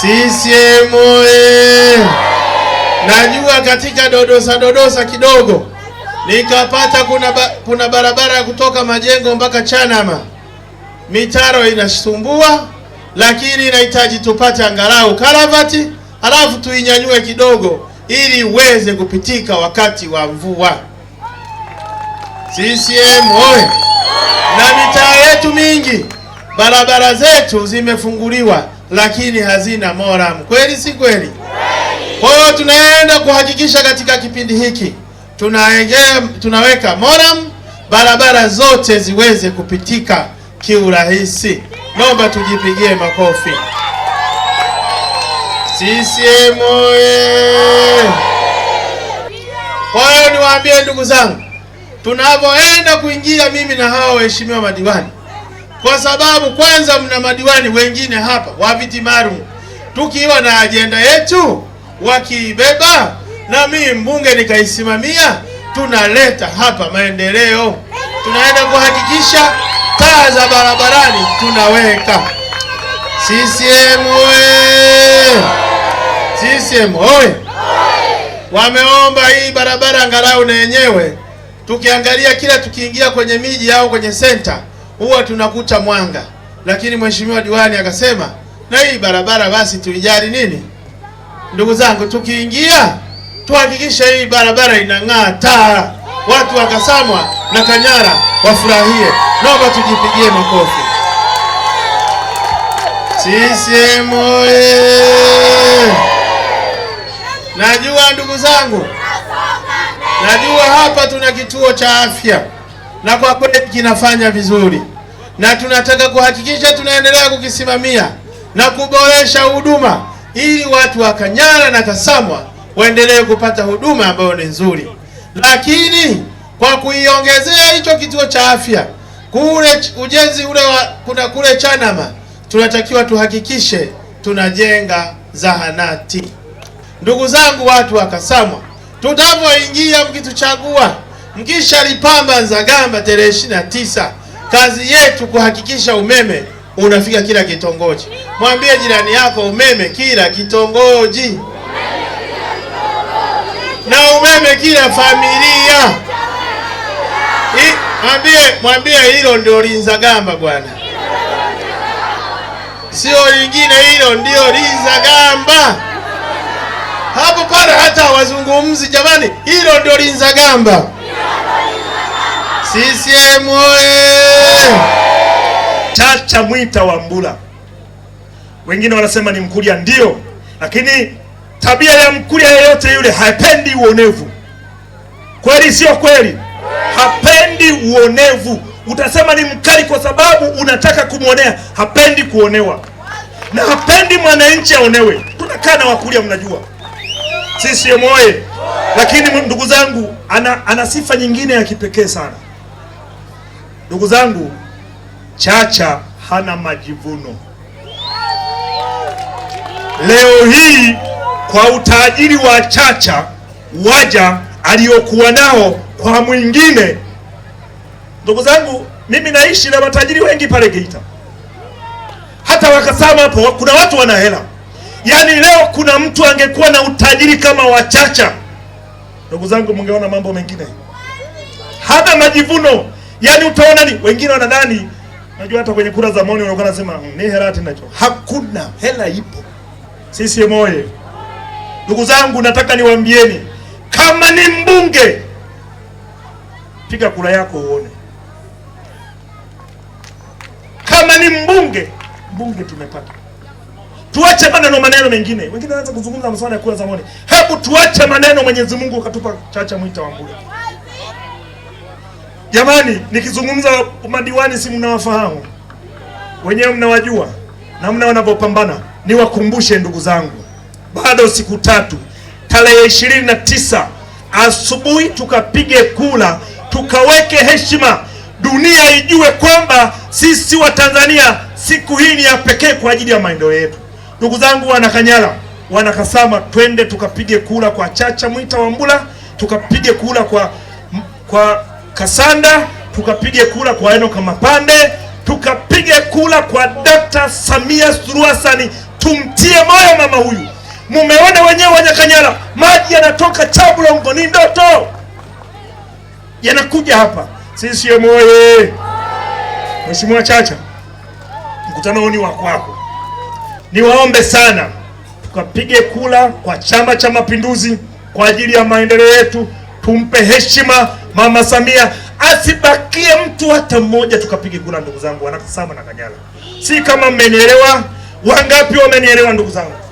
CCM e. Najua katika dodosa dodosa kidogo nikapata kuna, ba, kuna barabara ya kutoka majengo mpaka Chanama, mitaro inasumbua, lakini inahitaji tupate angalau karavati halafu tuinyanyue kidogo ili uweze kupitika wakati wa mvua. CCM oye! Na mitaa yetu mingi barabara zetu zimefunguliwa lakini hazina moram. Kweli si kweli? Kwa hiyo tunaenda kuhakikisha katika kipindi hiki tunaweka, tunaweka moram, barabara zote ziweze kupitika kiurahisi. Naomba tujipigie makofi. CCM oye! Kwa hiyo niwaambie ndugu zangu, tunapoenda kuingia mimi na hao waheshimiwa madiwani kwa sababu kwanza mna madiwani wengine hapa wa viti maalum. Tukiwa na ajenda yetu wakiibeba, na mimi mbunge nikaisimamia, tunaleta hapa maendeleo, tunaenda kuhakikisha taa za barabarani tunaweka. CCM oye! CCM oye! Wameomba hii barabara angalau na yenyewe, tukiangalia kila tukiingia kwenye miji au kwenye senta huwa tunakuta Mwanga, lakini mheshimiwa diwani akasema na hii barabara basi tuijali nini. Ndugu zangu, tukiingia tuhakikishe hii barabara inang'aa taa, watu wa Kasamwa na Kanyara wafurahie. Naomba tujipigie makofi. CCM oye! Najua ndugu zangu, najua hapa tuna kituo cha afya na kwa kweli kinafanya vizuri, na tunataka kuhakikisha tunaendelea kukisimamia na kuboresha huduma ili watu wa Kanyara na Kasamwa waendelee kupata huduma ambayo ni nzuri, lakini kwa kuiongezea hicho kituo cha afya kule ujenzi ule wa kuna kule Chanama, tunatakiwa tuhakikishe tunajenga zahanati. Ndugu zangu, watu wa Kasamwa, tutavyoingia mkituchagua lipamba Nzagamba tarehe ishirini na tisa, kazi yetu kuhakikisha umeme unafika kila kitongoji. Mwambie jirani yako umeme kila kitongoji, na umeme kila familia. Mwambie mwambie hilo ndio linzagamba bwana, sio lingine, hilo ndio linzagamba. Hapo pale hata wazungumzi jamani, hilo ndio linzagamba. CCM oye! Chacha Mwita Wambura, wengine wanasema ni Mkuria, ndio, lakini tabia ya Mkuria yeyote yule hapendi uonevu. Kweli sio kweli? Hapendi uonevu. Utasema ni mkali kwa sababu unataka kumwonea, hapendi kuonewa na hapendi mwananchi aonewe. Tunakaa na Wakuria, mnajua sisi oye Lakini ndugu zangu, ana, ana sifa nyingine ya kipekee sana. Ndugu zangu, Chacha hana majivuno. Leo hii kwa utajiri wa Chacha waja aliyokuwa nao kwa mwingine. Ndugu zangu, mimi naishi na matajiri wengi pale Geita, hata wakasama hapo kuna watu wana hela. Yaani leo kuna mtu angekuwa na utajiri kama wa Chacha, ndugu zangu, mngeona mambo mengine. Hana majivuno. Yaani utaona ni wengine wanadhani najua hata kwenye kura za maoni wanakuwa nasema mm, ni hela hati nacho. Hakuna hela ipo. Sisi moye. Ndugu zangu nataka niwaambieni kama ni mbunge piga kura yako uone. Kama ni mbunge mbunge tumepata. Tuache maneno maneno mengine. Wengine wanaanza kuzungumza masuala ya kura za maoni. Hebu tuache maneno Mwenyezi Mungu katupa chacha mwita wa mbunge. Jamani, nikizungumza madiwani, si mnawafahamu wenyewe, mnawajua namna wanavyopambana. Niwakumbushe ndugu zangu, bado siku tatu, tarehe ishirini na tisa asubuhi tukapige kula, tukaweke heshima, dunia ijue kwamba sisi wa Tanzania siku hii ni ya pekee kwa ajili ya maendeleo yetu. Ndugu zangu, Wanakanyala, Wanakasama, twende tukapige kula kwa Chacha Mwita Wambura, tukapige kula kwa, kwa Kasanda, tukapige kura kwa kama Mapande, tukapige kura kwa Dkt. Samia Suluhu Hassan. Tumtie moyo mama huyu. Mumeona wenyewe wanyakanyala maji yanatoka Chablongo, ni ndoto yanakuja hapa. CCM oye! Mheshimiwa Chacha, mkutano huu ni wako wako. Niwaombe sana tukapige kura kwa Chama cha Mapinduzi kwa ajili ya maendeleo yetu, tumpe heshima Mama Samia asibakie mtu hata mmoja tukapige kura. Ndugu zangu, wanasama na Kanyala, si kama mmenielewa? Wangapi wamenielewa ndugu zangu?